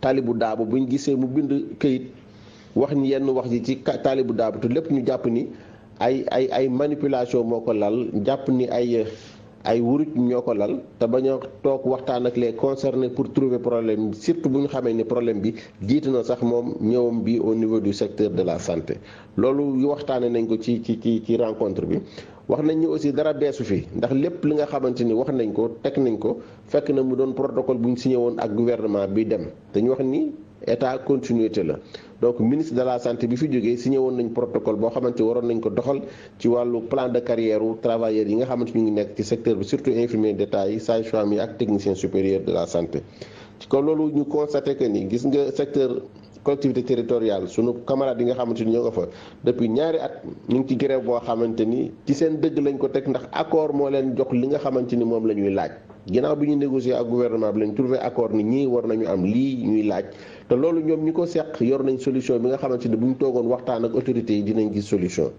taalibu daabu buñ gisee mu bind kayit wax ñi yenn wax ji ci taalibu daabu te lépp ñu jàpp ni ay ay ay manipulation moo ko lal jàpp ni ay ay wuruj ñoo ko lal te bañ a toog waxtaan ak les concernés pour trouver problème surtout bu ñu xamee ni problème bi jiitu na sax moom ñëwam bi au niveau du secteur de la santé loolu waxtaanee nañ ko ci ci ci ci rencontre bi wax nañ ñu aussi dara beesu fi ndax lépp li nga xamante ni wax nañ ko teg nañ ko fekk na mu doon protocole bu ñu signé woon ak gouvernement bi dem dañu wax ni état continuité la donc ministre de la santé bi fi jógee signé woon nañ protocole boo xamante waroon nañ ko doxal ci wàllu plan de carrière wu yi nga xamante ñu ngi nekk ci secteur bi surtout infirmiers d'État yi sages-femmes yi ak techniciens supérieurs de la santé ci ko loolu ñu constaté que ni gis nga secteur collectivité territoriale sunu camarades yi nga xamante ni ñoo nga fa depuis ñaari at ñu ngi ci grève boo xamante ni ci seen dëgg lañ ko teg ndax accord moo leen jox li nga xamante ni moom la ñuy laaj ginnaaw bi ñu négocier ak gouvernement bi lañ trouvé accord ni ñii war nañu am lii ñuy laaj te loolu ñoom ñi ko seq yor nañ solution bi nga xamante ni bu ñu toogoon waxtaan ak autorités yi dinañ gis solution